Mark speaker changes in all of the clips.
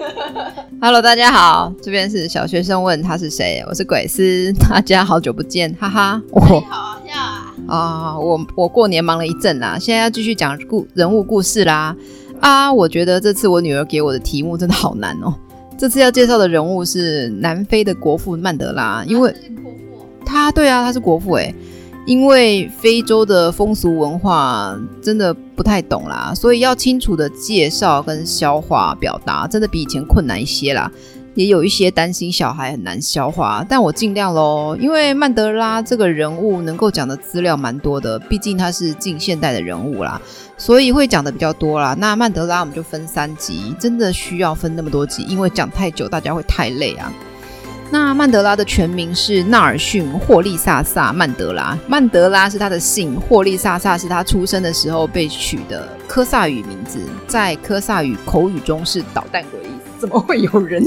Speaker 1: Hello，大家好，這邊是小學生問他是誰，我是鬼師，大家好久不見，哈哈，好搞笑啊！哦、啊，我我過年忙了一陣啦，現在要繼續講故人物故事啦。啊，我覺得這次我女兒給我的題目真的好難哦、喔。這次要介紹的人物是南非的國父曼德拉，因為他他對啊，他是國父、欸，哎。因為非洲的風俗文化真的不太懂啦，所以要清楚的介紹跟消化表達，真的比以前困難一些啦。也有一些擔心小孩很難消化，但我盡量嘍。因為曼德拉這個人物能夠講的資料蠻多的，畢竟他是近現代的人物啦，所以會講的比較多啦。那曼德拉我們就分三集，真的需要分那麼多集，因為講太久大家會太累啊。那曼德拉的全名是納爾遜·霍利薩薩曼德拉。曼德拉是他的姓，霍利薩薩是他出生的時候被取的科薩語名字，在科薩語口語中是“搗蛋鬼”。怎麼會有人？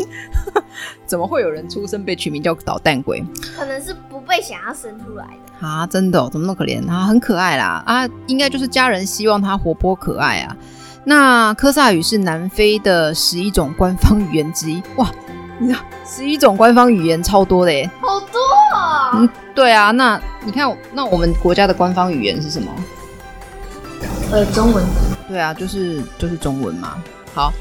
Speaker 1: 怎麼會有人出生被取名叫“搗蛋鬼”？可能是不被想要生出來的啊！真的、哦，怎麼那麼可憐啊？很可愛啦啊！應該就是家人希望他活潑可愛啊。那科薩語是南非的十一種官方語言之一哇。十一種官方語言，超多的耶，好多啊。嗯，對啊，那你看，那我們國家的官方語言是什麼？呃，中文。對啊，就是就是中文嘛。好，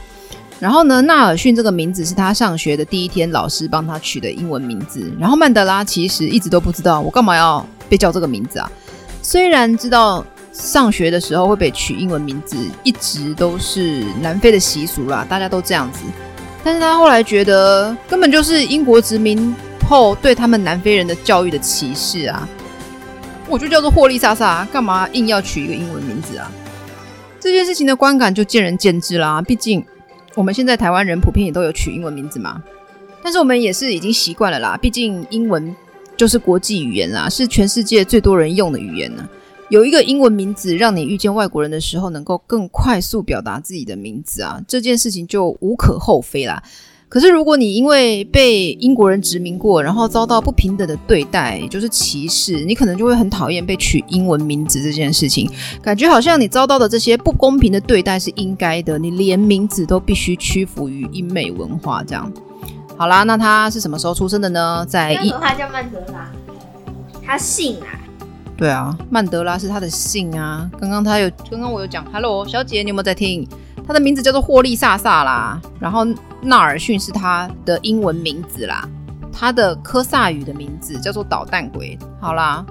Speaker 1: 然後呢，納爾遜這個名字是他上學的第一天老師幫他取的英文名字。然後曼德拉其實一直都不知道，我幹嘛要被叫這個名字啊？雖然知道上學的時候會被取英文名字，一直都是南非的習俗啦，大家都這樣子。但是他後來覺得，根本就是英國殖民後對他們南非人的教育的歧視啊！我就叫做霍利薩薩，幹嘛硬要取一個英文名字啊？這件事情的觀感就見仁見智啦。畢竟我們現在台灣人普遍也都有取英文名字嘛，但是我們也是已經習慣了啦。畢竟英文就是國際語言啦，是全世界最多人用的語言呢。有一個英文名字，讓你遇見外國人的時候能夠更快速表達自己的名字啊，這件事情就無可厚非啦。可是如果你因為被英國人殖民過，然後遭到不平等的對待，就是歧視，你可能就會很討厭被取英文名字這件事情，感覺好像你遭到的這些不公平的對待是應該的，你連名字都必須屈服於英美文化這樣。好啦，那他是什麼時候出生的呢？在英文他叫曼德拉，他姓啊。對啊，曼德拉是他的姓啊。剛剛他有，剛剛我有講，Hello，小姐，你有沒有在聽？他的名字叫做霍利薩薩啦。然後納爾遜是他的英文名字啦。他的科薩語的名字叫做搗蛋鬼。好啦，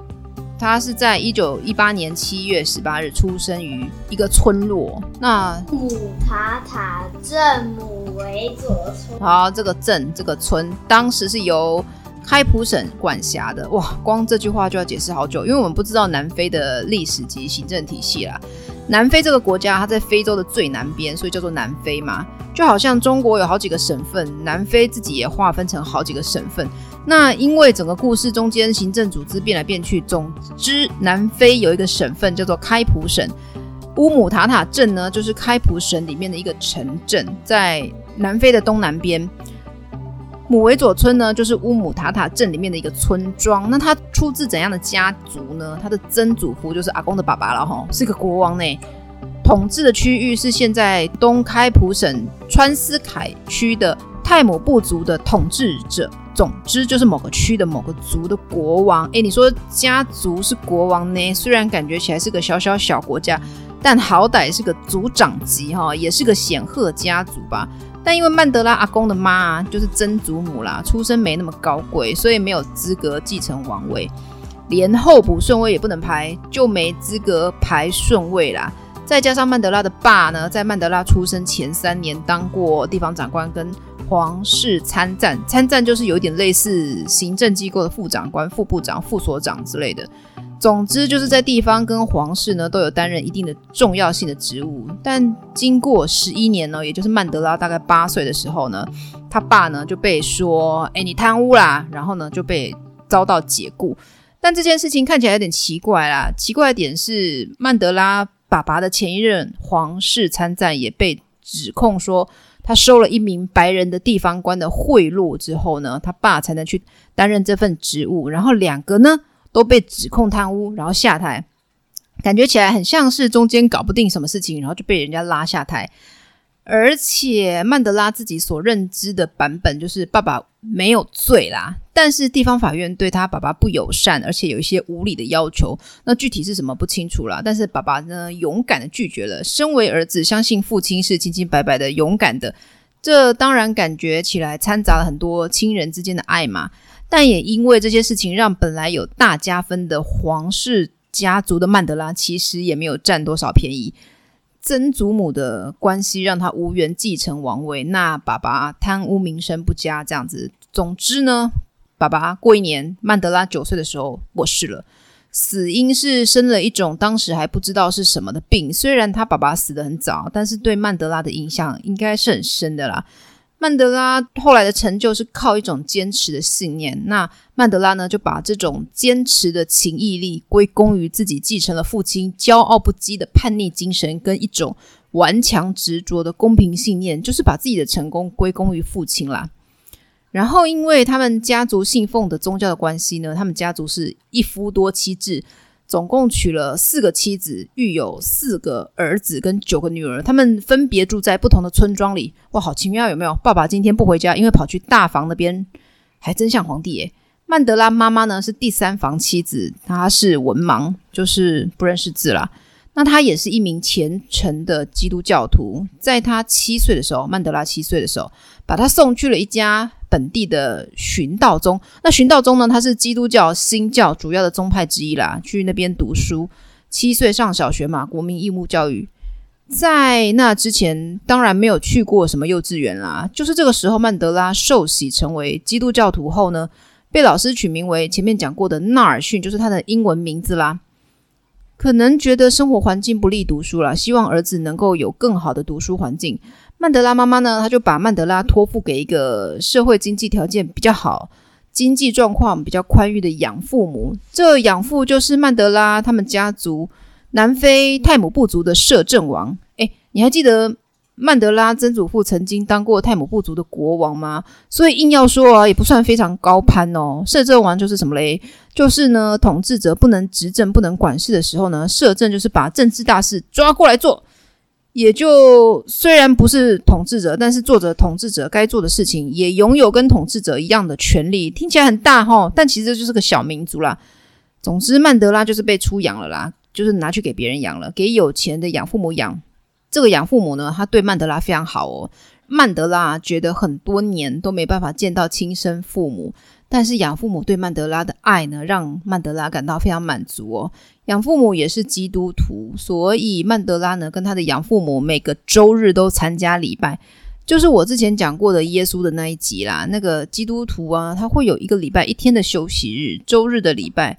Speaker 1: 他是在一九一八年七月十八日出生於一個村落。那姆塔塔鎮姆維佐村。好，這個鎮，這個村，當時是由。開普省管轄的。哇，光這句話就要解釋好久，因為我們不知道南非的歷史及行政體系啦。南非這個國家，它在非洲的最南邊，所以叫做南非嘛。就好像中國有好幾個省份，南非自己也劃分成好幾個省份。那因為整個故事中間，行政組織變來變去，總之南非有一個省份叫做開普省，烏姆塔塔鎮呢，就是開普省裡面的一個城鎮，在南非的東南邊。姆維佐村呢，就是烏姆塔塔鎮裡面的一個村莊。那他出自怎樣的家族呢？他的曾祖父就是阿公的爸爸了吼，是個國王呢。統治的區域是現在東開普省川斯凱區的泰姆部族的統治者，總之就是某個區的某個族的國王。誒，你說家族是國王呢？雖然感覺起來是個小小小國家，但好歹是個族長級哈，也是個顯赫家族吧。但因為曼德拉阿公的媽就是曾祖母啦，出身沒那麼高貴，所以沒有資格繼承王位，連候補順位也不能排，就沒資格排順位啦。再加上曼德拉的爸呢，在曼德拉出生前三年當過地方長官，跟皇室參贊，參贊就是有點類似行政機構的副長官、副部長、副所長之類的。總之就是在地方跟皇室呢都有擔任一定的重要性的職務，但經過十一年呢，也就是曼德拉大概八歲的時候呢，他爸呢就被說，哎、欸，你貪污啦，然後呢就被遭到解僱。但這件事情看起來有點奇怪啦，奇怪的點是曼德拉爸爸的前一任皇室參贊也被指控說他收了一名白人的地方官的賄賂之後呢，他爸才能去擔任這份職務，然後兩個呢，都被指控貪污，然後下台，感覺起來很像是中間搞不定什麼事情，然後就被人家拉下台。而且曼德拉自己所認知的版本就是爸爸沒有罪啦，但是地方法院對他爸爸不友善，而且有一些無理的要求，那具體是什麼不清楚啦。但是爸爸呢，勇敢的拒絕了。身為兒子，相信父親是清清白白的，勇敢的。這當然感覺起來摻雜了很多親人之間的愛嘛。但也因為這些事情，讓本來有大加分的皇室家族的曼德拉，其實也沒有佔多少便宜。曾祖母的關係讓他無緣繼承王位，那爸爸貪污，名聲不佳，這樣子。總之呢，爸爸過一年，曼德拉九歲的時候，過世了，死因是生了一種當時還不知道是什麼的病。雖然他爸爸死得很早，但是對曼德拉的影響應該是很深的啦。曼德拉後來的成就是靠一種堅持的信念。那曼德拉呢，就把這種堅持的情毅力歸功於自己繼承了父親驕傲不羈的叛逆精神，跟一種頑強執着的公平信念，就是把自己的成功歸功於父親啦。然後，因為他們家族信奉的宗教的關係呢，他們家族是一夫多妻制。總共娶了四個妻子，育有四個兒子跟九個女兒，他們分別住在不同的村莊裡。哇，好奇妙，有沒有？爸爸今天不回家，因為跑去大房那邊，還真像皇帝耶。曼德拉媽媽呢，是第三房妻子，她是文盲，就是不認識字啦。那他也是一名虔誠的基督教徒，在他七歲的時候，曼德拉七歲的時候，把他送去了一家本地的循道宗。那循道宗呢，他是基督教新教主要的宗派之一啦。去那邊讀書，七歲上小學嘛，國民義務教育。在那之前，當然沒有去過什麼幼稚園啦。就是這個時候，曼德拉受洗成為基督教徒後呢，被老師取名為前面講過的納爾遜，就是他的英文名字啦。可能覺得生活環境不利讀書啦。希望兒子能夠有更好的讀書環境。曼德拉媽媽呢，她就把曼德拉托付給一個社會經濟條件比較好、經濟狀況比較寬裕的養父母。這養父就是曼德拉他們家族南非泰姆部族的攝政王。誒，你還記得？曼德拉曾祖父曾經當過泰姆部族的國王嗎？所以硬要說啊，也不算非常高攀哦。攝政王就是什麼嘞？就是呢，統治者不能執政、不能管事的時候呢，攝政就是把政治大事抓過來做。也就雖然不是統治者，但是做着統治者該做的事情，也擁有跟統治者一樣的權利。聽起來很大齁，但其實這就是個小民族啦。總之，曼德拉就是被出養了啦，就是拿去給別人養了，給有錢的養父母養。這個養父母呢，他對曼德拉非常好哦。曼德拉覺得很多年都沒辦法見到親生父母，但是養父母對曼德拉的愛呢，讓曼德拉感到非常滿足哦。養父母也是基督徒，所以曼德拉呢，跟他的養父母每個周日都參加禮拜。就是我之前講過的耶穌的那一集啦，那個基督徒啊，他會有一個禮拜一天的休息日，周日的禮拜。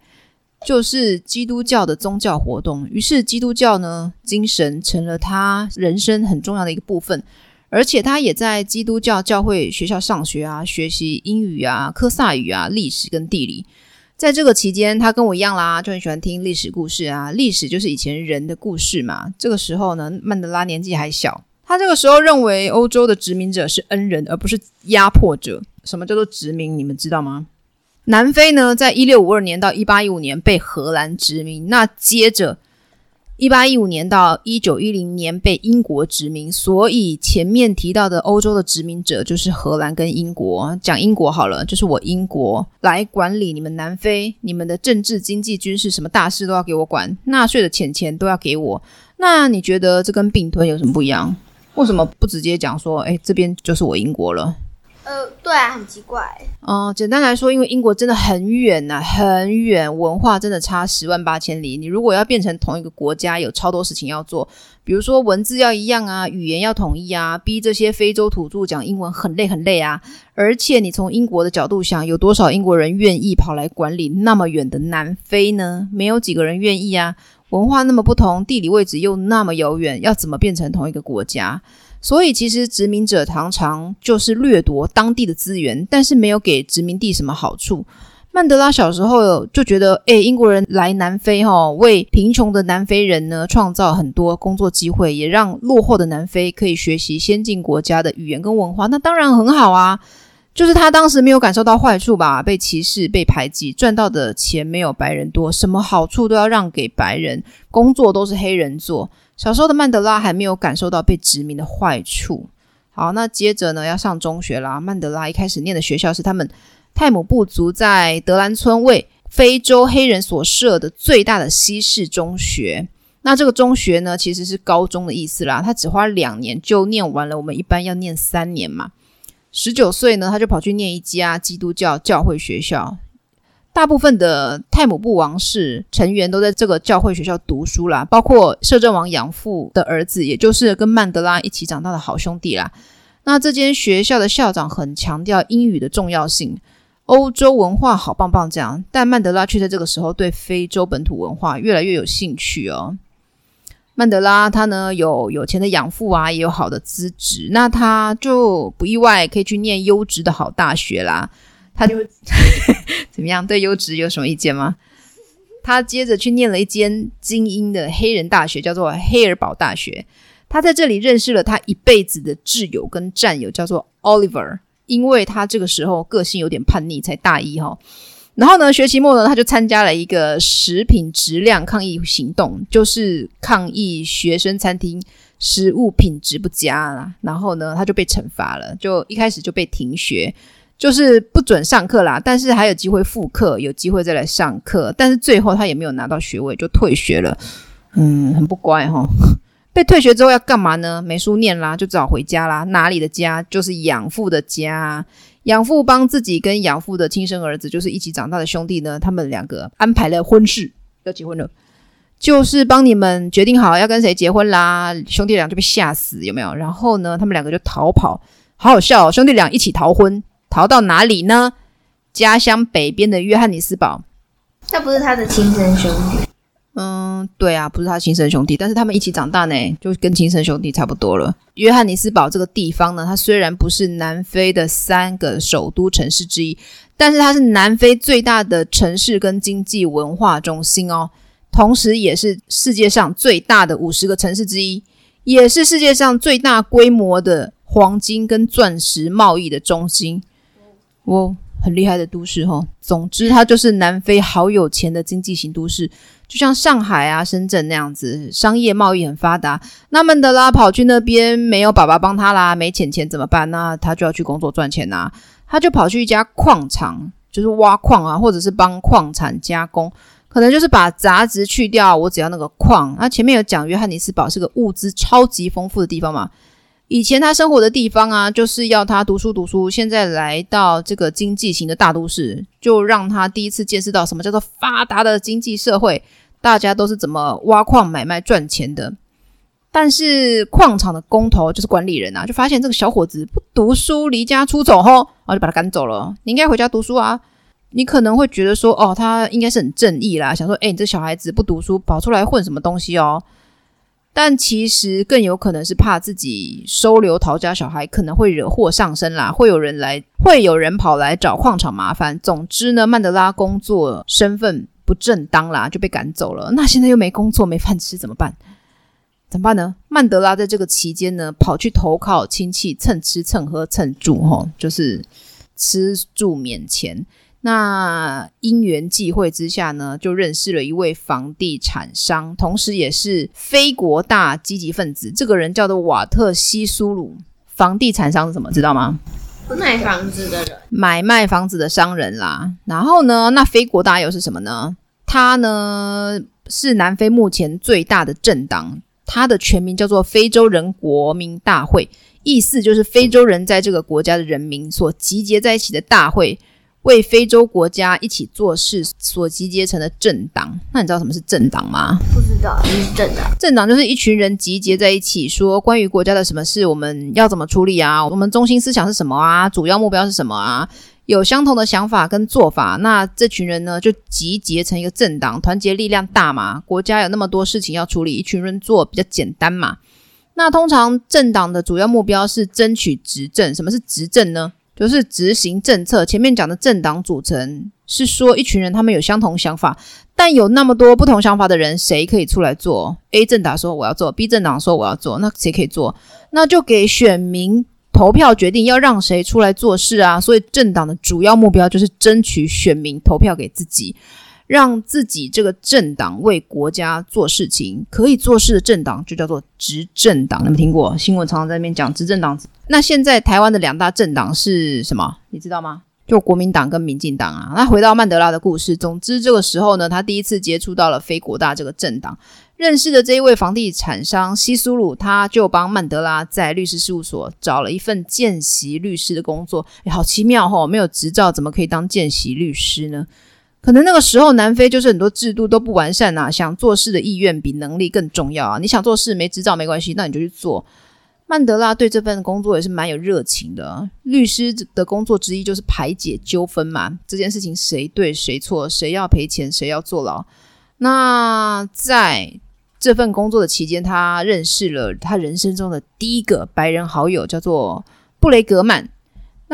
Speaker 1: 就是基督教的宗教活動，於是基督教呢，精神成了他人生很重要的一個部分，而且他也在基督教教會學校上學啊，學習英語啊、科薩語啊、歷史跟地理。在這個期間，他跟我一樣啦，就很喜歡聽歷史故事啊。歷史就是以前人的故事嘛。這個時候呢，曼德拉年紀還小，他這個時候認為歐洲的殖民者是恩人，而不是壓迫者。什麼叫做殖民？你們知道嗎？南非呢，在一六五二年到一八一五年被荷蘭殖民，那接着一八一五年到一九一零年被英國殖民，所以前面提到的歐洲的殖民者就是荷蘭跟英國。講英國好了，就是我英國來管理你們南非，你們的政治、經濟、軍事什麼大事都要給我管，納稅的錢錢都要給我。那你覺得這跟併吞有什麼不一樣？為什麼不直接講說，誒，這邊就是我英國了？呃，對啊，很奇怪。哦、嗯，簡單來說，因為英國真的很遠吶、啊，很遠，文化真的差十萬八千里。你如果要變成同一個國家，有超多事情要做，比如說文字要一樣啊，語言要統一啊，逼這些非洲土著講英文很累很累啊。而且你從英國的角度想，有多少英國人願意跑來管理那麼遠的南非呢？沒有幾個人願意啊。文化那麼不同，地理位置又那麼遙遠，要怎麼變成同一個國家？所以，其實殖民者常常就是掠奪當地的資源，但是沒有給殖民地什麼好處。曼德拉小時候就覺得，誒，英國人來南非齁，為貧窮的南非人呢創造很多工作機會，也讓落後的南非可以學習先進國家的語言跟文化，那當然很好啊。就是他當時沒有感受到壞處吧，被歧視、被排擠，賺到的錢沒有白人多，什麼好處都要讓給白人，工作都是黑人做。小時候的曼德拉還沒有感受到被殖民的壞處。好，那接着呢，要上中學啦。曼德拉一開始念的學校是他們泰姆布族在德蘭村為非洲黑人所設的最大的西式中學。那這個中學呢，其實是高中的意思啦。他只花兩年就念完了，我們一般要念三年嘛。十九歲呢，他就跑去念一家基督教教會學校。大部分的泰姆布王室成員都在這個教會學校讀書啦，包括攝政王養父的兒子，也就是跟曼德拉一起長大的好兄弟啦。那這間學校的校長很強調英語的重要性，歐洲文化好棒棒這樣，但曼德拉卻在這個時候對非洲本土文化越來越有興趣哦。曼德拉他呢，有有錢的養父啊，也有好的資質，那他就不意外可以去念優質的好大學啦。他就會怎麼樣？對優質有什麼意見嗎？他接着去念了一間精英的黑人大學，叫做黑爾堡大學。他在這裡認識了他一輩子的摯友跟戰友，叫做 Oliver。因為他這個時候個性有點叛逆，才大一哈、哦。然後呢，學期末呢，他就參加了一個食品質量抗議行動，就是抗議學生餐廳食物品質不佳啦，然後呢，他就被懲罰了，就一開始就被停學。就是不准上課啦，但是還有機會復課，有機會再來上課。但是最後他也沒有拿到學位，就退學了。嗯，很不乖齁。被退學之後要幹嘛呢？沒書念啦，就只好回家啦。哪裡的家？就是養父的家。養父幫自己跟養父的親生兒子，就是一起長大的兄弟呢，他們兩個安排了婚事，要結婚了。就是幫你們決定好要跟誰結婚啦。兄弟倆就被嚇死，有沒有？然後呢，他們兩個就逃跑，好好笑哦，兄弟倆一起逃婚。逃到哪裡呢？家鄉北邊的約翰尼斯堡。他不是他的親生兄弟。嗯，對啊，不是他的親生兄弟，但是他們一起長大呢，就跟親生兄弟差不多了。約翰尼斯堡這個地方呢，它雖然不是南非的三個首都城市之一，但是它是南非最大的城市跟經濟文化中心哦，同時也是世界上最大的五十個城市之一，也是世界上最大規模的黃金跟鑽石貿易的中心。喔、哦、很厲害的都市哈、哦，總之它就是南非好有錢的經濟型都市，就像上海啊、深圳那樣子，商業貿易很發達。那曼德拉，跑去那邊沒有爸爸幫他啦，沒錢錢怎麼辦、啊？那他就要去工作賺錢吶、啊，他就跑去一家礦場，就是挖礦啊，或者是幫礦產加工，可能就是把雜質去掉，我只要那個礦。那、啊、前面有講約翰尼斯堡是個物資超級豐富的地方嘛。以前他生活的地方啊，就是要他讀書讀書。現在來到這個經濟型的大都市，就讓他第一次見識到什麼叫做發達的經濟社會，大家都是怎麼挖礦買賣賺錢的。但是礦場的工頭就是管理人吶，就發現這個小夥子不讀書，離家出走吼，然後就把他趕走了。你應該回家讀書啊！你可能會覺得說，哦，他應該是很正義啦，想說，誒，你這小孩子不讀書跑出來混什麼東西哦。但其實更有可能是怕自己收留逃家小孩可能會惹禍上身啦，會有人來，會有人跑來找礦場麻煩。總之呢，曼德拉工作身份不正當啦，就被趕走了。那現在又沒工作沒飯吃，怎麼辦？怎麼辦呢？曼德拉在這個期間呢，跑去投靠親戚，蹭吃蹭喝蹭住，吼、哦、就是吃住免錢。那因緣際會之下呢，就認識了一位房地產商，同時也是非國大積極分子。這個人叫做瓦特西蘇魯。房地產商是什麼？知道嗎？賣房子的人，買賣房子的商人啦。然後呢，那非國大又是什麼呢？他呢是南非目前最大的政黨。他的全名叫做非洲人國民大會，意思就是非洲人在這個國家的人民所集結在一起的大會。為非洲國家一起做事所集結成的政黨，那你知道什麼是政黨嗎？不知道，這是政黨？政黨就是一群人集結在一起，說關於國家的什麼事，我們要怎麼處理啊？我們中心思想是什麼啊？主要目標是什麼啊？有相同的想法跟做法，那這群人呢就集結成一個政黨，團結力量大嘛。國家有那麼多事情要處理，一群人做比較簡單嘛。那通常政黨的主要目標是爭取執政。什麼是執政呢？就是執行政策。前面講的政黨組成是說一群人，他們有相同想法，但有那麼多不同想法的人，誰可以出來做？A 政黨說我要做，B 政黨說我要做，那誰可以做？那就給選民投票決定要讓誰出來做事啊。所以政黨的主要目標就是爭取選民投票給自己。讓自己這個政黨為國家做事情，可以做事的政黨就叫做執政黨，有沒有聽過？新聞常常在那邊講執政黨。那現在台灣的兩大政黨是什麼？你知道嗎？就國民黨跟民進黨啊。那回到曼德拉的故事，總之這個時候呢，他第一次接觸到了非國大這個政黨，認識的這一位房地產商西蘇魯，他就幫曼德拉在律師事務所找了一份見習律師的工作。誒，好奇妙哦，沒有執照怎麼可以當見習律師呢？可能那個時候南非就是很多制度都不完善吶、啊，想做事的意願比能力更重要啊。你想做事沒執照沒關係，那你就去做。曼德拉對這份工作也是蠻有熱情的。律師的工作之一就是排解糾紛嘛，這件事情誰對誰錯，誰要賠錢，誰要坐牢。那在這份工作的期間，他認識了他人生中的第一個白人好友，叫做布雷格曼。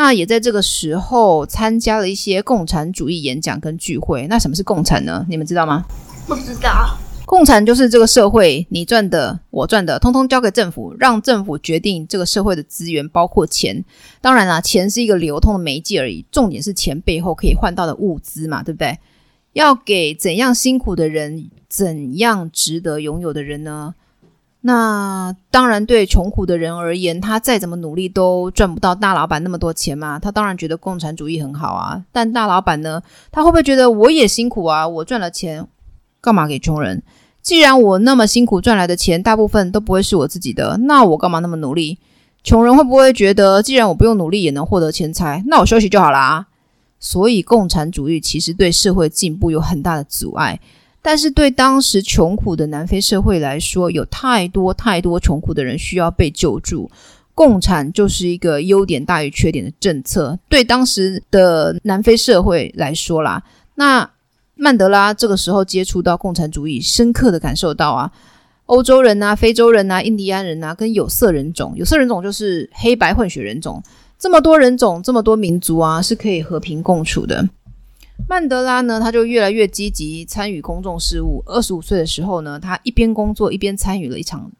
Speaker 1: 那也在這個時候參加了一些共產主義演講跟聚會。那什麼是共產呢？你們知道嗎？不知道。共產就是這個社會，你賺的，我賺的，通通交給政府，讓政府決定這個社會的資源，包括錢。當然啦，錢是一個流通的媒介而已，重點是錢背後可以換到的物資嘛，對不對？要給怎樣辛苦的人，怎樣值得擁有的人呢？那當然，對窮苦的人而言，他再怎麼努力都賺不到大老闆那麼多錢嘛。他當然覺得共產主義很好啊。但大老闆呢，他會不會覺得我也辛苦啊？我賺了錢，幹嘛給窮人？既然我那麼辛苦賺來的錢大部分都不會是我自己的，那我幹嘛那麼努力？窮人會不會覺得，既然我不用努力也能獲得錢財，那我休息就好了啊？所以，共產主義其實對社會進步有很大的阻礙。但是對當時窮苦的南非社會來說，有太多太多窮苦的人需要被救助，共產就是一個優點大於缺點的政策。對當時的南非社會來說啦，那曼德拉這個時候接觸到共產主義，深刻的感受到啊，歐洲人吶、非洲人吶、印第安人吶、跟有色人種，有色人種就是黑白混血人種，這麼多人種、這麼多民族啊，是可以和平共處的。曼德拉呢，他就越來越積極參與公眾事務。二十五歲的時候呢，他一邊工作一邊參與了一場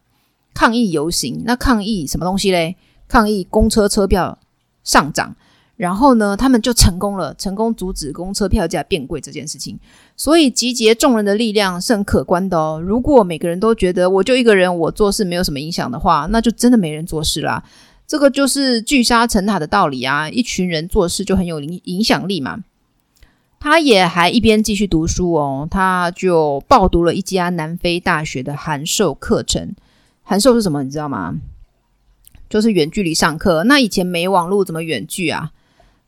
Speaker 1: 抗議遊行。那抗議什麼東西嘞？抗議公車車票上漲。然後呢，他們就成功了，成功阻止公車票價變貴這件事情。所以集結眾人的力量是很可觀的哦。如果每個人都覺得我就一個人，我做事沒有什麼影響的話，那就真的沒人做事啦、啊。這個就是聚沙成塔的道理啊！一群人做事就很有影影響力嘛。他也還一邊繼續讀書哦，他就報讀了一家南非大學的函授課程。函授是什麼？你知道嗎？就是遠距離上課。那以前沒網絡怎麼遠距啊？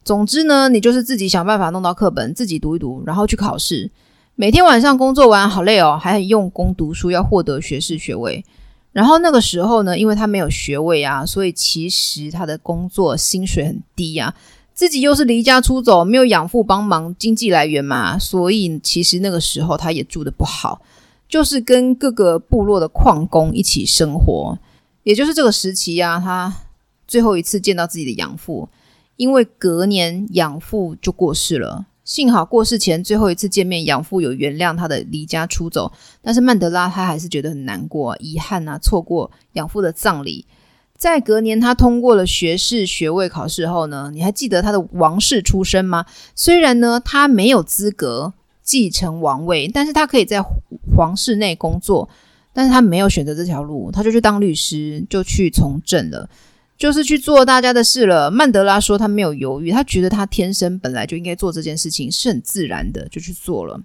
Speaker 1: 總之呢，你就是自己想辦法弄到課本，自己讀一讀，然後去考試。每天晚上工作完好累哦，還很用功讀書，要獲得學士學位。然後那個時候呢，因為他沒有學位啊，所以其實他的工作薪水很低呀、啊。自己又是離家出走，沒有養父幫忙，經濟來源嘛，所以其實那個時候他也住得不好，就是跟各個部落的礦工一起生活。也就是這個時期啊，他最後一次見到自己的養父，因為隔年養父就過世了。幸好過世前最後一次見面，養父有原諒他的離家出走，但是曼德拉他還是覺得很難過，遺憾啊，錯過養父的葬禮。在隔年，他通過了學士學位考試後呢，你還記得他的王室出身嗎？雖然呢，他沒有資格繼承王位，但是他可以在皇室內工作，但是他沒有選擇這條路，他就去當律師，就去從政了，就是去做大家的事了。曼德拉說他沒有猶豫，他覺得他天生本來就應該做這件事情，是很自然的，就去做了。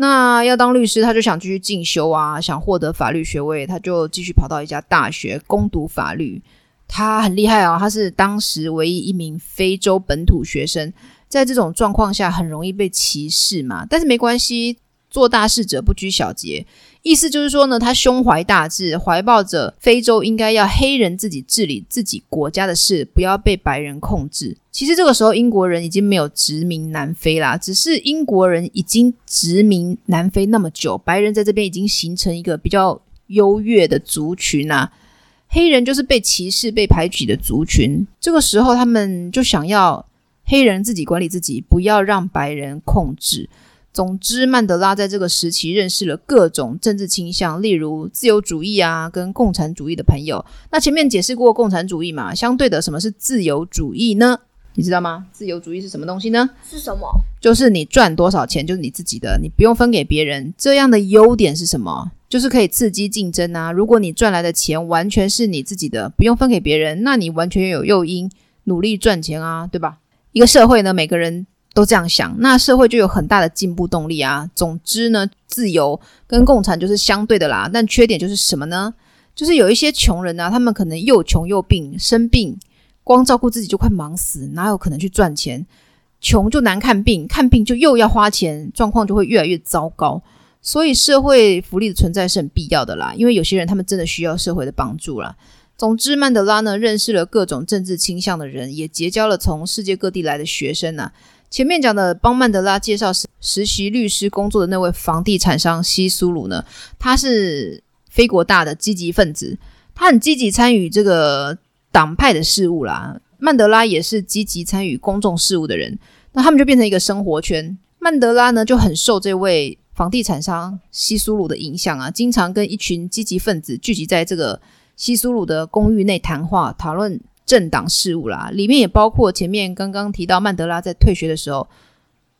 Speaker 1: 那要當律師，他就想繼續進修啊，想獲得法律學位，他就繼續跑到一家大學攻讀法律。他很厲害啊，他是當時唯一一名非洲本土學生。在這種狀況下，很容易被歧視嘛，但是沒關係。做大事者不拘小節，意思就是說呢，他胸懷大志，懷抱着非洲應該要黑人自己治理自己國家的事，不要被白人控制。其實這個時候英國人已經沒有殖民南非啦，只是英國人已經殖民南非那麼久，白人在這邊已經形成一個比較優越的族群啊，黑人就是被歧視、被排擠的族群。這個時候他們就想要黑人自己管理自己，不要讓白人控制。總之，曼德拉在這個時期認識了各種政治傾向，例如自由主義啊，跟共產主義的朋友。那前面解釋過共產主義嘛，相對的，什麼是自由主義呢？你知道嗎？自由主義是什麼東西呢？是什麼？就是你賺多少錢，就是你自己的，你不用分給別人。這樣的優點是什麼？就是可以刺激競爭啊。如果你賺來的錢完全是你自己的，不用分給別人，那你完全有誘因，努力賺錢啊，對吧？一個社會呢，每個人。都這樣想，那社會就有很大的進步動力啊。總之呢，自由跟共產就是相對的啦。但缺點就是什麼呢？就是有一些窮人啊，他們可能又窮又病，生病光照顧自己就快忙死，哪有可能去賺錢？窮就難看病，看病就又要花錢，狀況就會越來越糟糕。所以社會福利的存在是很必要的啦，因為有些人他們真的需要社會的幫助啦。總之，曼德拉呢認識了各種政治傾向的人，也結交了從世界各地來的學生啊。前面講的幫曼德拉介紹實實習律師工作的那位房地產商西蘇魯呢，他是非國大的積極分子，他很積極參與這個黨派的事務啦。曼德拉也是積極參與公眾事務的人，那他們就變成一個生活圈。曼德拉呢就很受這位房地產商西蘇魯的影響啊，經常跟一群積極分子聚集在這個西蘇魯的公寓內談話討論政黨事務啦，裡面也包括前面剛剛提到曼德拉在退學的時候，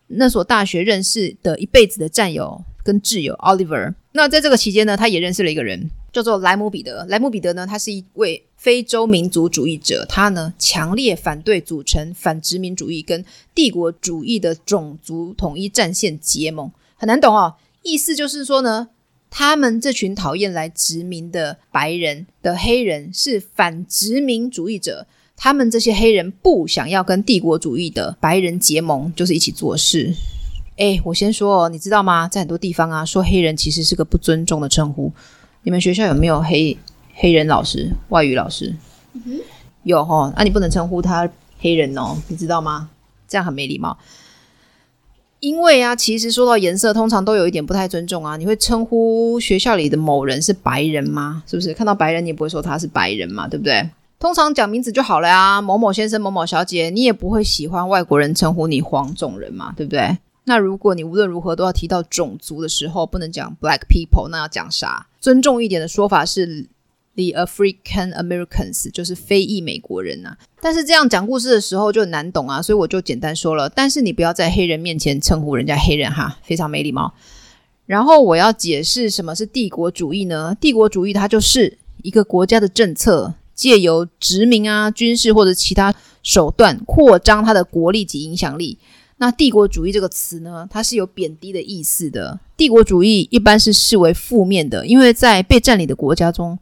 Speaker 1: 那所大學認識的一輩子的戰友跟摯友 Oliver。那在這個期間呢，他也認識了一個人，叫做萊姆彼得。萊姆彼得呢，他是一位非洲民族主義者，他呢強烈反對組成反殖民主義跟帝國主義的種族統一戰線結盟。很難懂哦，意思就是說呢，他們這群討厭來殖民的白人的黑人是反殖民主義者，他們這些黑人不想要跟帝國主義的白人結盟，就是一起做事。欸，我先說哦，你知道嗎？在很多地方啊，說黑人其實是個不尊重的稱呼。你們學校有沒有黑黑人老師？外語老師、嗯、哼有齁、哦？那、啊、你不能稱呼他黑人哦，你知道嗎？這樣很沒禮貌。因為啊，其實說到顏色，通常都有一點不太尊重啊。你會稱呼學校裡的某人是白人嗎？是不是看到白人，你也不會說他是白人嘛？對不對？通常講名字就好了呀、啊，某某先生，某某小姐。你也不會喜歡外國人稱呼你黃種人嘛？對不對？那如果你無論如何都要提到種族的時候，不能講 black people，那要講啥？尊重一點的說法是。The African Americans 就是非裔美國人吶、啊，但是這樣講故事的時候就很難懂啊，所以我就簡單說了。但是你不要在黑人面前稱呼人家黑人哈，非常沒禮貌。然後我要解釋什麼是帝國主義呢？帝國主義它就是一個國家的政策，借由殖民啊、軍事或者其他手段擴張它的國力及影響力。那帝國主義這個詞呢，它是有貶低的意思的。帝國主義一般是視為負面的，因為在被占領的國家中。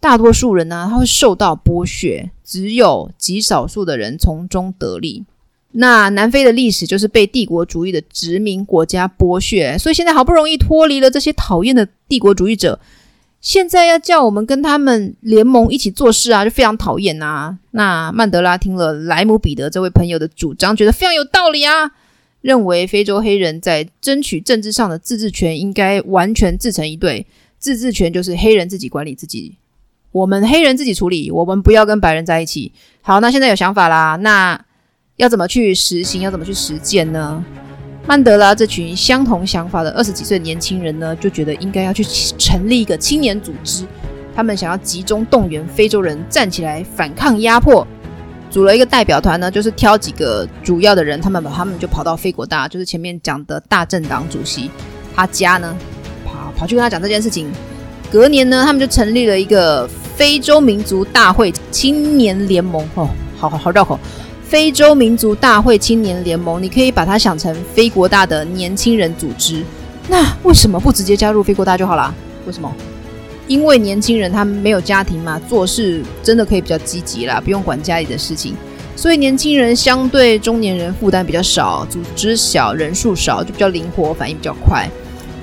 Speaker 1: 大多數人呢、啊，他會受到剝削，只有極少數的人從中得利。那南非的歷史就是被帝國主義的殖民國家剝削，所以現在好不容易脫離了這些討厭的帝國主義者，現在要叫我們跟他們聯盟一起做事啊，就非常討厭啊。那曼德拉聽了萊姆彼得這位朋友的主張，覺得非常有道理啊，認為非洲黑人在爭取政治上的自治權，應該完全自成一隊，自治權就是黑人自己管理自己。我們黑人自己處理，我們不要跟白人在一起。好，那現在有想法啦，那要怎麼去實行，要怎麼去實踐呢？曼德拉這群相同想法的二十幾歲年輕人呢，就覺得應該要去成立一個青年組織，他們想要集中動員非洲人站起來反抗壓迫，組了一個代表團呢，就是挑幾個主要的人，他們把他們就跑到非國大，就是前面講的大政黨主席他家呢，跑跑去跟他講這件事情。隔年呢，他們就成立了一個非洲民族大會青年聯盟哦，好好好繞口，非洲民族大會青年聯盟，你可以把它想成非國大的年輕人組織。那為什麼不直接加入非國大就好啦？為什麼？因為年輕人他們沒有家庭嘛，做事真的可以比較積極啦，不用管家裡的事情，所以年輕人相對中年人負擔比較少，組織小，人數少，就比較靈活，反應比較快。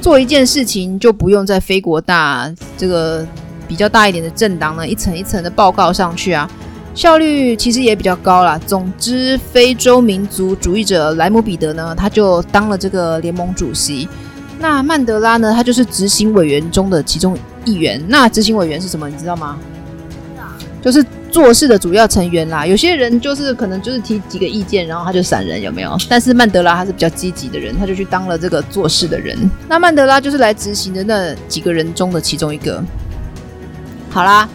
Speaker 1: 做一件事情就不用在非國大這個比較大一點的政黨呢，一層一層的報告上去啊，效率其實也比較高啦。總之，非洲民族主義者萊姆彼得呢，他就當了這個聯盟主席。那曼德拉呢，他就是執行委員中的其中一員。那執行委員是什麼，你知道嗎？就是做事的主要成員啦，有些人就是可能就是提幾個意見，然後他就閃人有沒有？但是曼德拉他是比較積極的人，他就去當了這個做事的人。那曼德拉就是來執行的那幾個人中的其中一個。好啦，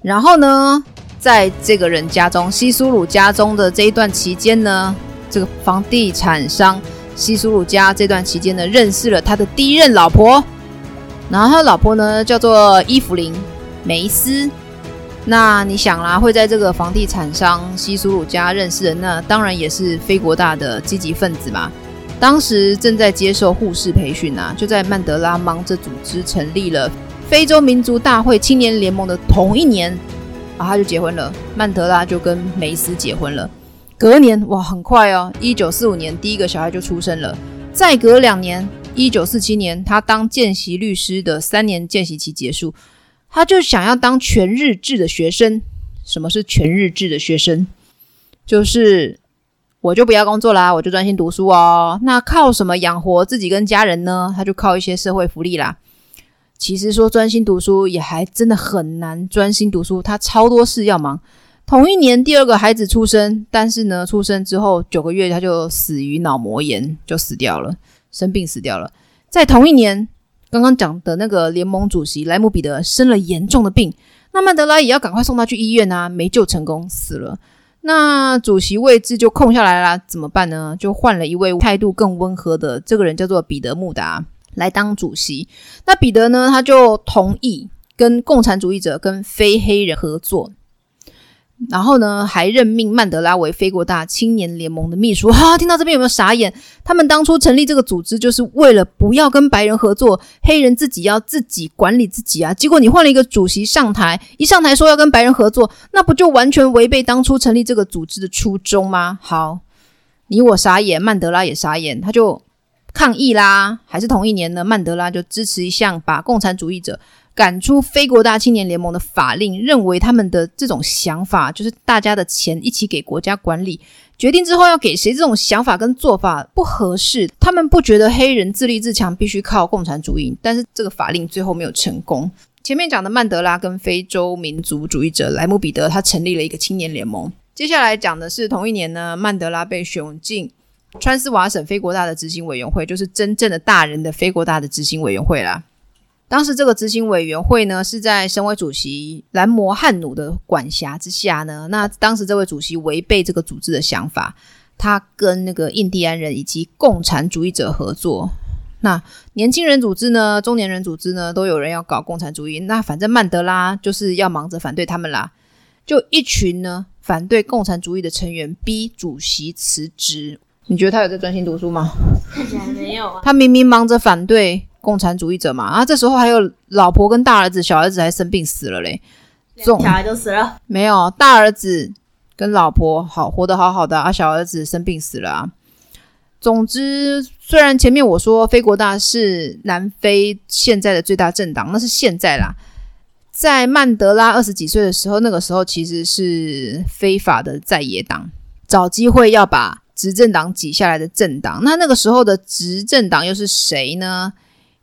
Speaker 1: 然後呢，在這個人家中，西蘇魯家中的這一段期間呢，這個房地產商西蘇魯家這段期間呢，認識了他的第一任老婆，然後他的老婆呢叫做伊芙琳梅斯。那你想啦，會在這個房地產商西蘇魯家認識的，那當然也是非國大的積極分子嘛。當時正在接受護士培訓啊，就在曼德拉忙着組織成立了非洲民族大會青年聯盟的同一年，啊，他就結婚了。曼德拉就跟梅斯結婚了。隔年哇，很快哦，一九四五年第一個小孩就出生了。再隔兩年，一九四七年，他當見習律師的三年見習期結束。他就想要當全日制的學生。什麼是全日制的學生？就是我就不要工作啦，我就專心讀書哦。那靠什麼養活自己跟家人呢？他就靠一些社會福利啦。其實說專心讀書也還真的很難，專心讀書，他超多事要忙。同一年第二個孩子出生，但是呢，出生之後九個月他就死於腦膜炎，就死掉了，生病死掉了。在同一年。剛剛講的那個聯盟主席萊姆彼得生了嚴重的病，那曼德拉也要趕快送他去醫院啊，沒救成功，死了。那主席位置就空下來啦，怎麼辦呢？就換了一位態度更溫和的，這個人叫做彼得穆達，來當主席。那彼得呢，他就同意跟共產主義者跟非黑人合作。然後呢，還任命曼德拉為非國大青年聯盟的秘書。哈、啊，聽到這邊有沒有傻眼？他們當初成立這個組織就是為了不要跟白人合作，黑人自己要自己管理自己啊。結果你換了一個主席上台，一上台說要跟白人合作，那不就完全違背當初成立這個組織的初衷嗎？好，你我傻眼，曼德拉也傻眼，他就抗議啦。還是同一年呢，曼德拉就支持一項把共產主義者。趕出非國大青年聯盟的法令，認為他們的這種想法就是大家的錢一起給國家管理，決定之後要給誰，這種想法跟做法不合適。他們不覺得黑人自立自強必須靠共產主義，但是這個法令最後沒有成功。前面講的曼德拉跟非洲民族主義者萊姆比德，他成立了一個青年聯盟。接下來講的是同一年呢，曼德拉被選進川斯瓦省非國大的執行委員會，就是真正的大人的非國大的執行委員會啦。當時這個執行委員會呢，是在省委主席蘭摩漢努的管轄之下呢。那當時這位主席違背這個組織的想法，他跟那個印第安人以及共產主義者合作。那年輕人組織呢，中年人組織呢，都有人要搞共產主義。那反正曼德拉就是要忙着反對他們啦。就一群呢，反對共產主義的成員逼主席辭職。你覺得他有在專心讀書嗎？看起來沒有啊。他明明忙着反對。共產主義者嘛，啊這時候還有老婆跟大兒子、小兒子還生病死了嘞，小孩就死了。沒有大兒子跟老婆好活得好好的，啊小兒子生病死了啊。總之，雖然前面我說非國大是南非現在的最大政黨，那是現在啦，在曼德拉二十幾歲的時候，那個時候其實是非法的在野黨，找機會要把執政黨擠下來的政黨。那那個時候的執政黨又是誰呢？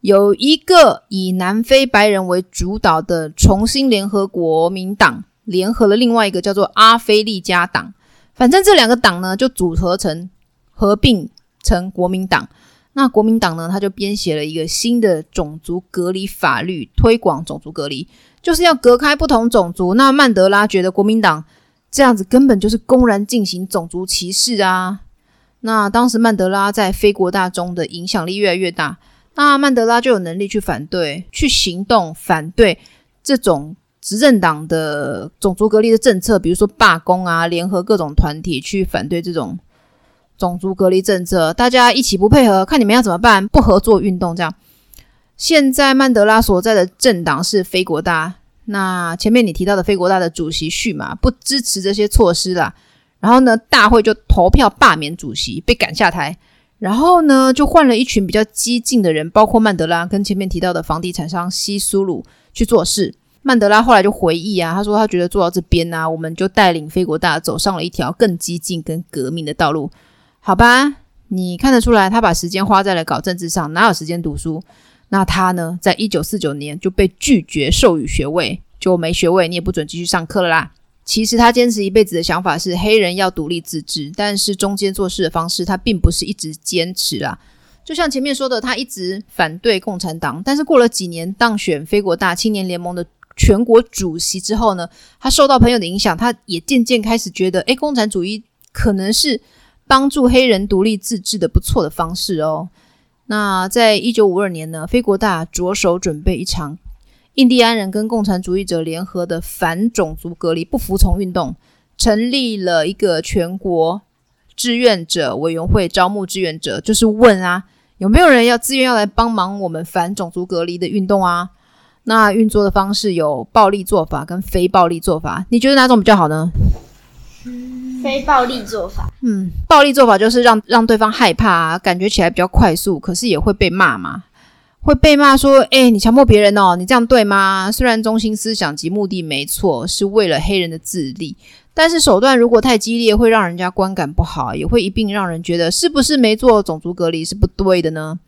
Speaker 1: 有一個以南非白人為主導的重新聯合國民黨，聯合了另外一個叫做阿非利加黨，反正這兩個黨呢，就組合成、合併成國民黨。那國民黨呢，他就編寫了一個新的種族隔離法律，推廣種族隔離，就是要隔開不同種族。那曼德拉覺得國民黨這樣子根本就是公然進行種族歧視啊！那當時曼德拉在非國大中的影響力越來越大。那、啊、曼德拉就有能力去反對、去行動反對這種執政黨的種族隔離的政策，比如說罷工啊，聯合各種團體去反對這種種族隔離政策。大家一起不配合，看你們要怎麼辦？不合作運動這樣。現在曼德拉所在的政黨是非國大。那前面你提到的非國大的主席續馬，不支持這些措施啦。然後呢，大會就投票罷免主席，被趕下台。然後呢，就換了一群比較激進的人，包括曼德拉跟前面提到的房地產商西蘇魯去做事。曼德拉後來就回憶啊，他說他覺得做到這邊呢、啊，我們就帶領非國大走上了一條更激進跟革命的道路。好吧，你看得出來，他把時間花在了搞政治上，哪有時間讀書？那他呢，在一九四九年就被拒絕授予學位，就沒學位，你也不准繼續上課了啦。其實他堅持一輩子的想法是黑人要獨立自治，但是中間做事的方式他並不是一直堅持啊。就像前面說的，他一直反對共產黨，但是過了幾年當選非國大青年聯盟的全國主席之後呢，他受到朋友的影響，他也漸漸開始覺得，哎，共產主義可能是幫助黑人獨立自治的不錯的方式哦。那在一九五二年呢，非國大着手準備一場。印第安人跟共產主義者聯合的反種族隔離不服從運動，成立了一個全國志願者委員會，招募志願者，就是問啊，有沒有人要自願要來幫忙我們反種族隔離的運動啊？那運作的方式有暴力做法跟非暴力做法，你覺得哪種比較好呢？非暴力做法，嗯，暴力做法就是讓讓對方害怕啊，感覺起來比較快速，可是也會被罵嘛。會被罵說：“欸，你強迫別人哦，你這樣對嗎？雖然中心思想及目的沒錯，是為了黑人的自立，但是手段如果太激烈，會讓人家觀感不好，也會一併讓人覺得是不是沒做種族隔離是不對的呢？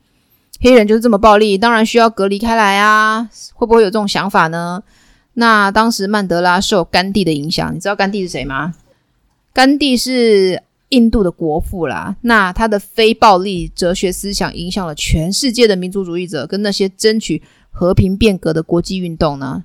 Speaker 1: 黑人就是這麼暴力，當然需要隔離開來啊！會不會有這種想法呢？那當時曼德拉受甘地的影響，你知道甘地是誰嗎？甘地是。”印度的國父啦，那他的非暴力哲學思想影響了全世界的民族主義者跟那些爭取和平變革的國際運動呢？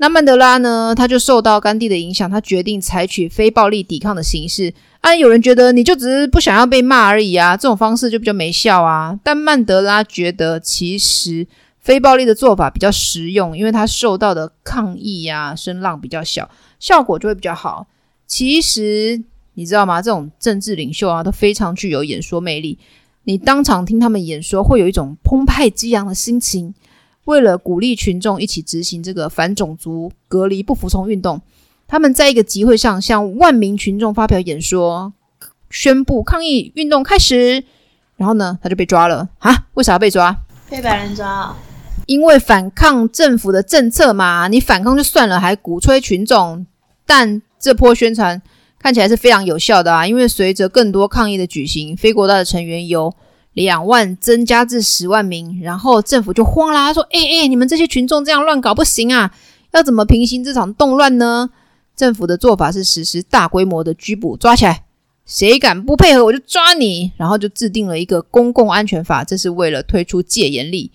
Speaker 1: 那曼德拉呢？他就受到甘地的影響，他決定採取非暴力抵抗的形式。啊，有人覺得你就只是不想要被罵而已啊，這種方式就比較沒效啊。但曼德拉覺得，其實非暴力的做法比較實用，因為他受到的抗議呀、啊、聲浪比較小，效果就會比較好。其實。你知道嗎？這種政治領袖啊，都非常具有演說魅力。你當場聽他們演說，會有一種澎湃激昂的心情。為了鼓勵群眾一起執行這個反種族隔離不服從運動，他們在一個集會上向萬名群眾發表演說，宣布抗議運動開始。然後呢，他就被抓了。啊，為啥要被抓？被白人抓哦。因為反抗政府的政策嘛。你反抗就算了，還鼓吹群眾，但這波宣傳。看起來是非常有效的啊！因為隨着更多抗議的舉行，非國大的成員由兩萬增加至十萬名，然後政府就慌啦，說：“哎、欸、哎、欸，你們這些群眾這樣亂搞不行啊，要怎麼平息這場動亂呢？”政府的做法是實施大規模的拘捕，抓起來，誰敢不配合我就抓你。然後就制定了一個公共安全法，這是為了推出戒嚴令。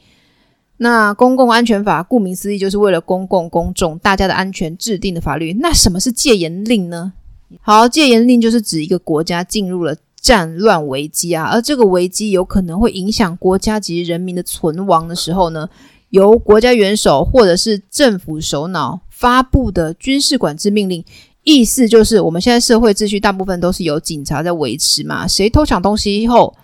Speaker 1: 那公共安全法顧名思義，就是為了公共公眾大家的安全制定的法律。那什麼是戒嚴令呢？好，戒嚴令就是指一個國家進入了戰亂危機啊，而這個危機有可能會影響國家及人民的存亡的時候呢，由國家元首或者是政府首腦發布的軍事管制命令，意思就是我們現在社會秩序大部分都是由警察在維持嘛，誰偷搶東西以後，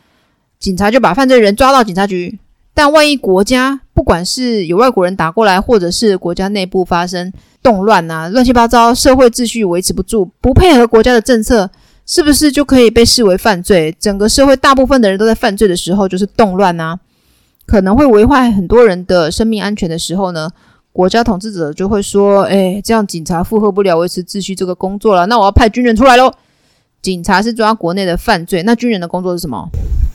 Speaker 1: 警察就把犯罪人抓到警察局。但萬一國家不管是有外國人打過來，或者是國家內部發生動亂啊、亂七八糟，社會秩序維持不住，不配合國家的政策，是不是就可以被視為犯罪？整個社會大部分的人都在犯罪的時候，就是動亂啊，可能會危害很多人的生命安全的時候呢，國家統治者就會說：“誒、哎，這樣警察負荷不了維持秩序這個工作了，那我要派軍人出來嘍。”警察是抓國內的犯罪，那軍人的工作是什麼？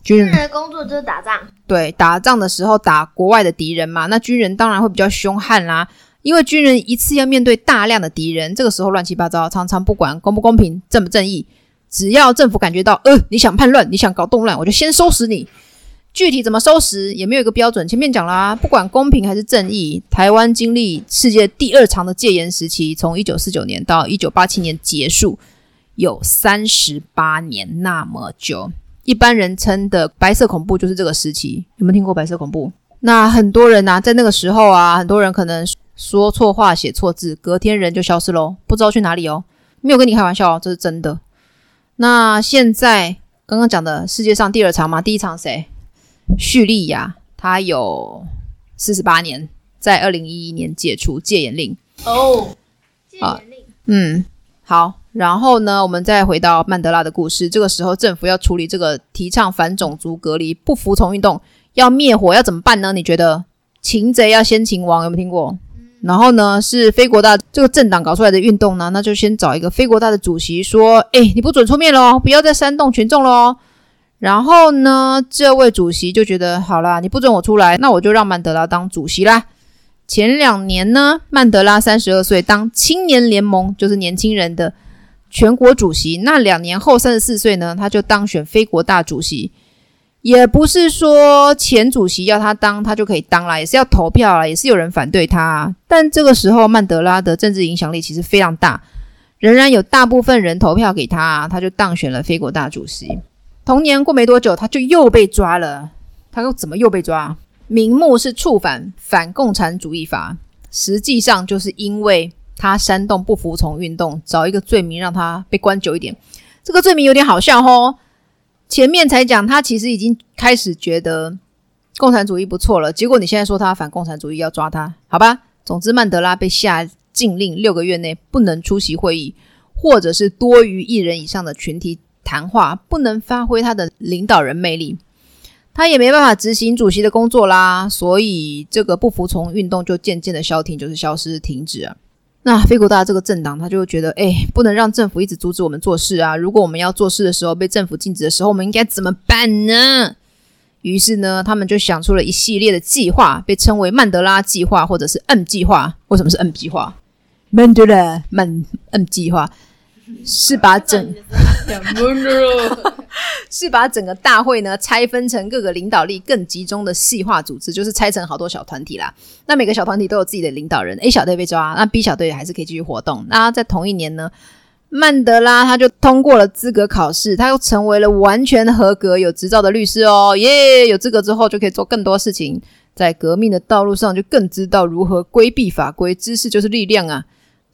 Speaker 1: 軍人，軍人的工作就是打仗。對，打仗的時候打國外的敵人嘛。那軍人當然會比較凶悍啦，因為軍人一次要面對大量的敵人，這個時候亂七八糟，常常不管公不公平、正不正義，只要政府感覺到，呃，你想叛亂，你想搞動亂，我就先收拾你。具體怎麼收拾也沒有一個標準。前面講啦，不管公平還是正義，台灣經歷世界第二長的戒嚴時期，從一九四九年到一九八七年結束。有三十八年那麼久，一般人稱的白色恐怖就是這個時期。有沒有聽過白色恐怖？那很多人吶、啊，在那個時候啊，很多人可能說錯話、寫錯字，隔天人就消失嘍，不知道去哪裡哦。沒有跟你開玩笑哦，這是真的。那現在剛剛講的世界上第二長嗎？第一長誰？敘利亞，它有四十八年，在二零一一年解除戒嚴令哦。Oh. 啊、戒嚴令，嗯，好。然後呢，我們再回到曼德拉的故事。這個時候，政府要處理這個提倡反種族隔離、不服從運動，要滅火要怎麼辦呢？你覺得，擒賊要先擒王，有沒有聽過？嗯。然後呢，是非國大這個政黨搞出來的運動呢？那就先找一個非國大的主席說：“誒，你不准出面嘍，不要再煽動群眾嘍。”然後呢，這位主席就覺得：“好啦，你不准我出來，那我就讓曼德拉當主席啦。”前兩年呢，曼德拉三十二歲，當青年聯盟，就是年輕人的。全國主席，那兩年後，三十四歲呢，他就當選非國大主席。也不是說前主席要他當他就可以當啦，也是要投票啊，也是有人反對他。但這個時候，曼德拉的政治影響力其實非常大，仍然有大部分人投票給他，他就當選了非國大主席。同年過沒多久，他就又被抓了。他又怎麼又被抓？名目是觸犯反，反共產主義法，實際上就是因為。他煽動不服從運動，找一個罪名讓他被關久一點。這個罪名有點好笑哦。前面才講他其實已經開始覺得共產主義不錯了，結果你現在說他反共產主義要抓他，好吧？總之，曼德拉被下禁令，六個月內不能出席會議，或者是多於一人以上的群體談話，不能發揮他的領導人魅力，他也沒辦法執行主席的工作啦。所以這個不服從運動就漸漸的消停，就是消失停止啊。那非國大這個政黨，他就覺得，哎、欸，不能讓政府一直阻止我們做事啊！如果我們要做事的時候被政府禁止的時候，我們應該怎麼辦呢？於是呢，他們就想出了一系列的計劃，被稱為曼德拉計劃，或者是 M 計劃。為什麼是 M 計劃？曼德拉，曼，M 計劃。是把整， 是把整個大會呢拆分成各個領導力更集中的細化組織，就是拆成好多小團體啦。那每個小團體都有自己的領導人。A 小隊被抓，那 B 小隊也還是可以繼續活動。那在同一年呢，曼德拉他就通過了資格考試，他又成為了完全合格、有執照的律師哦。耶，有資格之後就可以做更多事情，在革命的道路上就更知道如何規避法規。知識就是力量啊！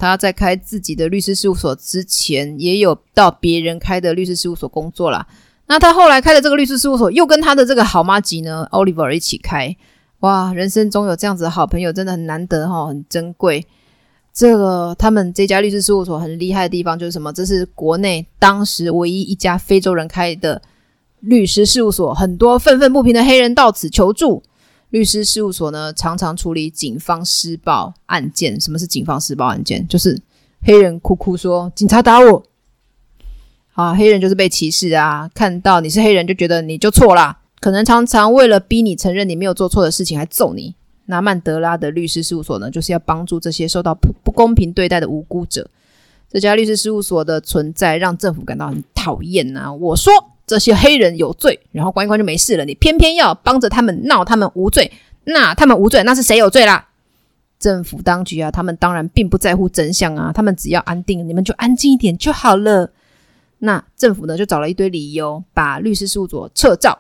Speaker 1: 他在開自己的律師事務所之前，也有到別人開的律師事務所工作啦。那他後來開的這個律師事務所，又跟他的這個好麻吉呢，Oliver 一起開。哇，人生中有這樣子的好朋友，真的很難得哈，很珍貴。這個他們這家律師事務所很厲害的地方就是什麼？這是國內當時唯一一家非洲人開的律師事務所，很多憤憤不平的黑人到此求助。律師事務所呢，常常處理警方施暴案件。什麼是警方施暴案件？就是黑人哭哭說警察打我！啊，黑人就是被歧視啊，看到你是黑人就覺得你就錯啦，可能常常為了逼你承認你沒有做錯的事情，還揍你。那曼德拉的律師事務所呢，就是要幫助這些受到不不公平對待的無辜者。這家律師事務所的存在，讓政府感到很討厭啊！我說。這些黑人有罪，然後關一關就沒事了。你偏偏要幫着他們鬧，他們無罪。那他們無罪，那是誰有罪啦？政府當局啊，他們當然並不在乎真相啊，他們只要安定，你們就安靜一點就好了。那政府呢，就找了一堆理由，把律師事務所撤照，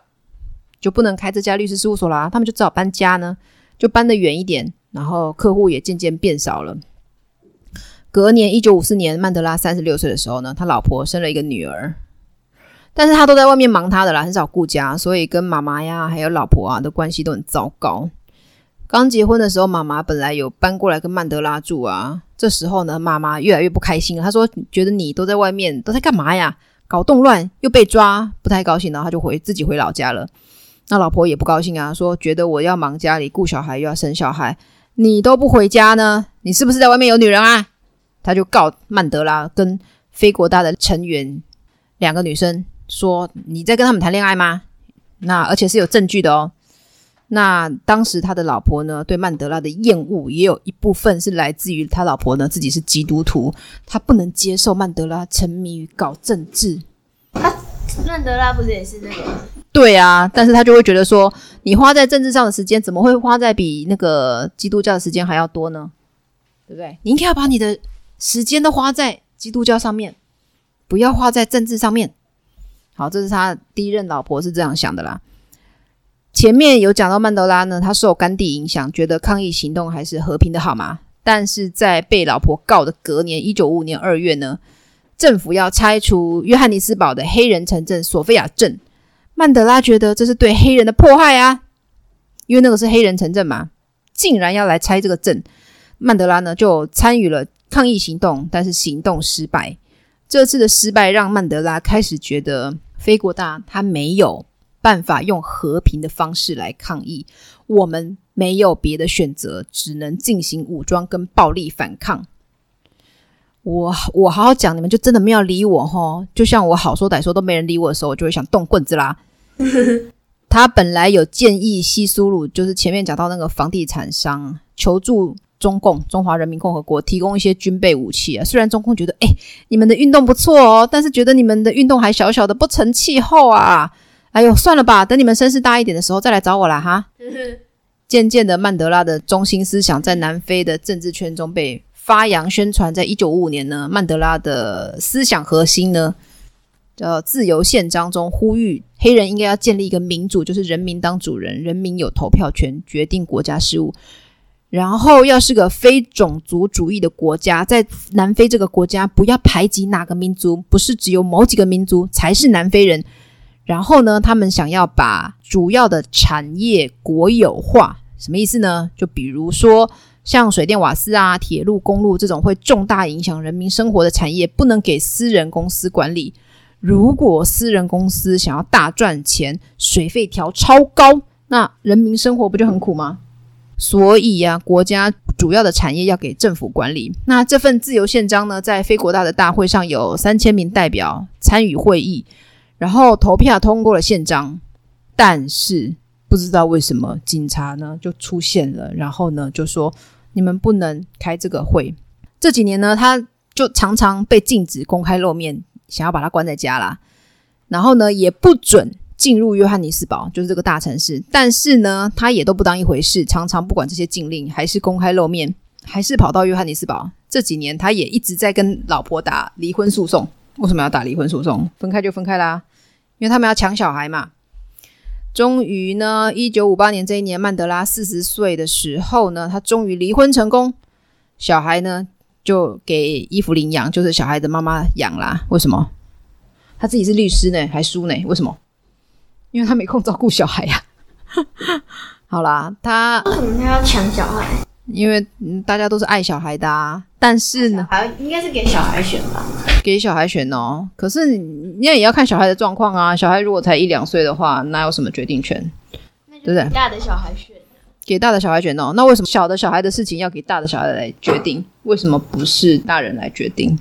Speaker 1: 就不能開這家律師事務所啦。他們就只好搬家呢，就搬得遠一點，然後客戶也漸漸變少了。隔年，一九五四年，曼德拉三十六歲的時候呢，他老婆生了一個女兒。但是他都在外面忙他的啦，很少顧家，所以跟媽媽呀，還有老婆啊的關係都很糟糕。剛結婚的時候，媽媽本來有搬過來跟曼德拉住啊，這時候呢，媽媽越來越不開心了。她說：“覺得你都在外面都在幹嘛呀？搞動亂又被抓，不太高興了。”然後她就回自己回老家了。那老婆也不高興啊，說：“覺得我要忙家裡顧小孩又要生小孩，你都不回家呢，你是不是在外面有女人啊？”他就告曼德拉跟非國大的成員兩個女生。說你在跟他們談戀愛嗎？那而且是有證據的哦。那當時他的老婆呢，對曼德拉的厭惡也有一部分是來自於他老婆呢自己是基督徒，他不能接受曼德拉沉迷於搞政治。曼德拉不是也是這個嗎？對啊，但是他就會覺得說，你花在政治上的時間怎麼會花在比那個基督教的時間還要多呢？對不對？你應該要把你的時間都花在基督教上面，不要花在政治上面。好，這是他第一任老婆是這樣想的啦。前面有講到曼德拉呢，他受甘地影響，覺得抗議行動還是和平的好嘛。但是在被老婆告的隔年，一九五五年二月呢，政府要拆除約翰尼斯堡的黑人城鎮索菲亞鎮，曼德拉覺得這是對黑人的迫害啊，因為那個是黑人城鎮嘛，竟然要來拆這個鎮，曼德拉呢就參與了抗議行動，但是行動失敗。這次的失敗讓曼德拉開始覺得。非國大他沒有辦法用和平的方式來抗議，我們沒有別的選擇，只能進行武裝跟暴力反抗。我我好好講，你們就真的沒有理我吼，就像我好說歹說都沒人理我的時候，我就會想動棍子啦。 他本來有建議西蘇魯，就是前面講到那個房地產商求助。中共中華人民共和國提供一些軍備武器啊，雖然中共覺得誒、欸，你們的運動不錯哦，但是覺得你們的運動還小小的不成氣候啊，哎呦，算了吧，等你們聲勢大一點的時候再來找我啦。哈。漸漸 的，曼德拉的中心思想在南非的政治圈中被發揚宣傳。在一九五五年呢，曼德拉的思想核心呢叫《自由憲章》中呼籲黑人應該要建立一個民主，就是人民當主人，人民有投票權，決定國家事務。然後要是個非種族主義的國家，在南非這個國家不要排擠哪個民族，不是只有某幾個民族才是南非人。然後呢，他們想要把主要的產業國有化，什麼意思呢？就比如說像水電、瓦斯啊、鐵路、公路這種會重大影響人民生活的產業，不能給私人公司管理。如果私人公司想要大賺錢，水費調超高，那人民生活不就很苦嗎？嗯所以啊，國家主要的產業要給政府管理。那這份自由憲章呢，在非國大的大會上有三千名代表參與會議，然後投票通過了憲章。但是不知道為什麼，警察呢就出現了，然後呢就說你們不能開這個會。這幾年呢，他就常常被禁止公開露面，想要把他關在家啦。然後呢，也不准。進入約翰尼斯堡，就是這個大城市。但是呢，他也都不當一回事，常常不管這些禁令，還是公開露面，還是跑到約翰尼斯堡。這幾年，他也一直在跟老婆打離婚訴訟。為什麼要打離婚訴訟？分開就分開啦，因為他們要搶小孩嘛。終於呢，一九五八年這一年，曼德拉四十歲的時候呢，他終於離婚成功。小孩呢，就給伊芙琳養，就是小孩的媽媽養啦。為什麼？他自己是律師呢，還輸呢？為什麼？因為他沒空照顧小孩呀！好啦，他為什麼他要搶小孩？因為嗯，大家都是愛小孩的啊，但是呢，啊，應該是給小孩選吧？給小孩選哦，可是你，也要看小孩的狀況啊，小孩如果才一兩歲的話，哪有什麼決定權？對不對？大的小孩選，給大的小孩選哦。那為什麼小的小孩的事情要給大的小孩來決定？為什麼不是大人來決定？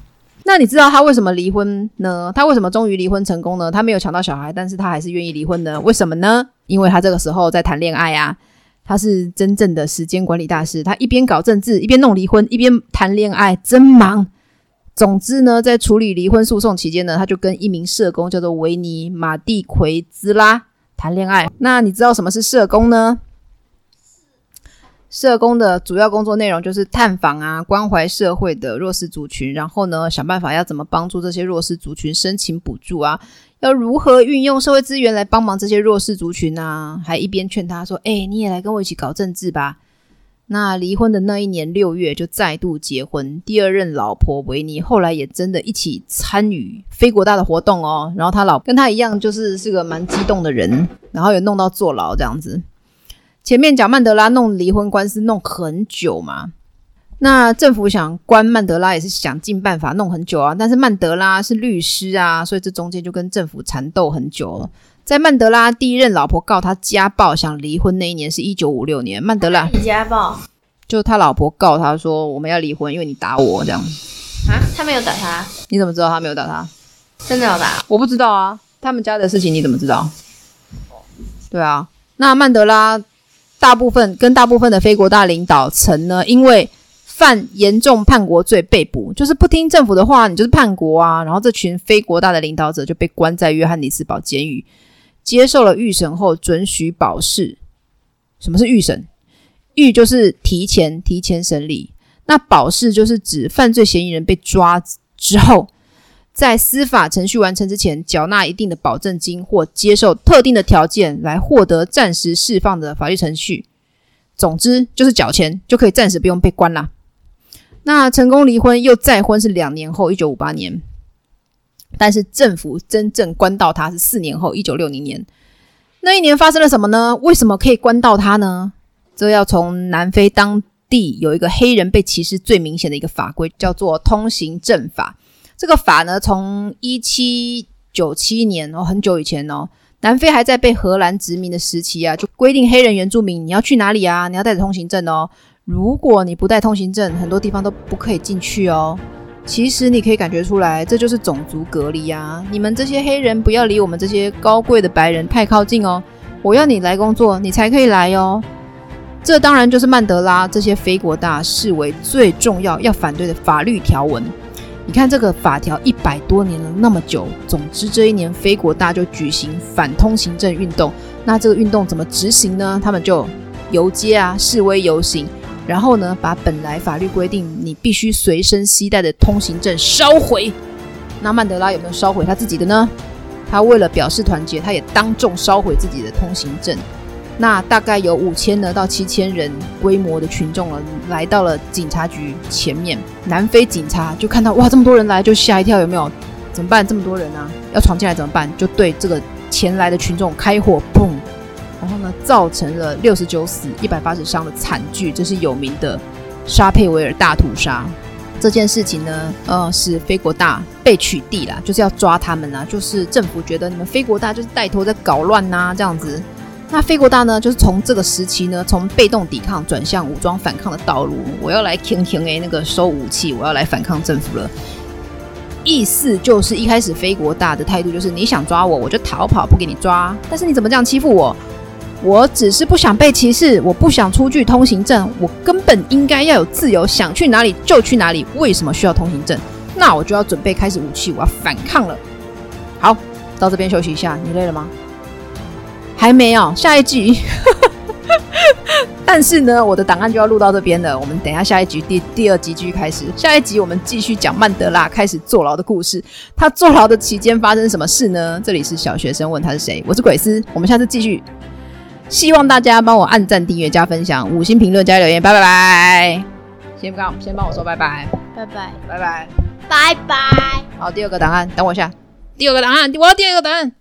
Speaker 1: 那你知道他為什麼離婚呢？他為什麼終於離婚成功呢？他沒有搶到小孩，但是他還是願意離婚呢？為什麼呢？因為他這個時候在談戀愛呀。他是真正的時間管理大師，他一邊搞政治，一邊弄離婚，一邊談戀愛，真忙。總之呢，在處理離婚訴訟期間呢，他就跟一名社工叫做維尼馬蒂奎茲拉談戀愛。那你知道什麼是社工呢？社工的主要工作內容就是探訪啊，關懷社會的弱勢族群，然後呢，想辦法要怎麼幫助這些弱勢族群申請補助啊，要如何運用社會資源來幫忙這些弱勢族群吶、啊。還一邊勸他說：“哎、欸，你也來跟我一起搞政治吧。”那離婚的那一年六月就再度結婚，第二任老婆維尼後來也真的一起參與非國大的活動哦。然後他老跟他一樣，就是是個蠻激動的人，然後也弄到坐牢這樣子。前面講曼德拉弄離婚官司弄很久嘛，那政府想關曼德拉也是想盡辦法弄很久啊。但是曼德拉是律師啊，所以這中間就跟政府纏鬥很久了。在曼德拉第一任老婆告他家暴，想離婚那一年是一九五六年。曼德拉你家暴，就他老婆告他說我們要離婚，因為你打我這樣。啊，他沒有打他？你怎麼知道他沒有打他？真的啊？我不知道啊，他們家的事情你怎麼知道？對啊，那曼德拉。大部分跟大部分的非國大領導層呢，因為犯嚴重叛國罪被捕，就是不聽政府的話，你就是叛國啊。然後這群非國大的領導者就被關在約翰尼斯堡監獄，接受了預審後准許保釋。什麼是預審？預就是提前提前審理。那保釋就是指犯罪嫌疑人被抓之後。在司法程序完成之前，繳納一定的保證金或接受特定的條件來獲得暫時釋放的法律程序。總之就是繳錢就可以暫時不用被關啦。那成功離婚又再婚是兩年後，一九五八年。但是政府真正關到他是四年後，一九六零年。那一年發生了什麼呢？為什麼可以關到他呢？這要從南非當地有一個黑人被歧視最明顯的一個法規，叫做通行證法。這個法呢，從一七九七年哦，很久以前哦，南非還在被荷蘭殖民的時期啊，就規定黑人原住民你要去哪裡啊，你要帶着通行證哦。如果你不帶通行證，很多地方都不可以進去哦。其實你可以感覺出來，這就是種族隔離啊。你們這些黑人不要離我們這些高貴的白人太靠近哦。我要你來工作，你才可以來哦。這當然就是曼德拉這些非國大視為最重要要反對的法律條文。你看這個法條一百多年了，那麼久。總之這一年，非國大就舉行反通行證運動。那這個運動怎麼執行呢？他們就遊街啊，示威遊行，然後呢，把本來法律規定你必須隨身攜帶的通行證燒毀。那曼德拉有沒有燒毀他自己的呢？他為了表示團結，他也當眾燒毀自己的通行證。那大概有五千呢，到七千人規模的群眾了，來到了警察局前面，南非警察就看到哇，這麼多人來就嚇一跳，有沒有？怎麼辦？這麼多人呢、啊，要闖進來怎麼辦？就對這個前來的群眾開火，砰！然後呢，造成了六十九死一百八十傷的慘劇，這是有名的沙佩維爾大屠殺。這件事情呢，呃，是非國大被取締啦，就是要抓他們啦，就是政府覺得你們非國大就是帶頭在搞亂吶、啊，這樣子。那非國大呢，就是從這個時期呢，從被動抵抗，轉向武裝反抗的道路。我要來停停誒，那個收武器，我要來反抗政府了。意思就是一開始非國大的態度就是，你想抓我，我就逃跑，不給你抓。但是你怎麼這樣欺負我？我只是不想被歧視，我不想出具通行證，我根本應該要有自由，想去哪裡就去哪裡。為什麼需要通行證？那我就要準備開始武器，我要反抗了。好，到這邊休息一下，你累了嗎？還沒有下一集。 但是呢，我的檔案就要錄到這邊了。我們等一下下一集第第二集繼續開始。下一集我們繼續講曼德拉開始坐牢的故事。他坐牢的期間發生什麼事呢？這裡是小學生問他是誰，我是鬼師。我們下次繼續。希望大家幫我按讚、訂閱、加分享、五星評論、加留言。拜拜拜。先不講，先幫我說拜拜。拜拜拜拜拜拜。好，第二個檔案，等我一下。第二個檔案，我要第二個檔案。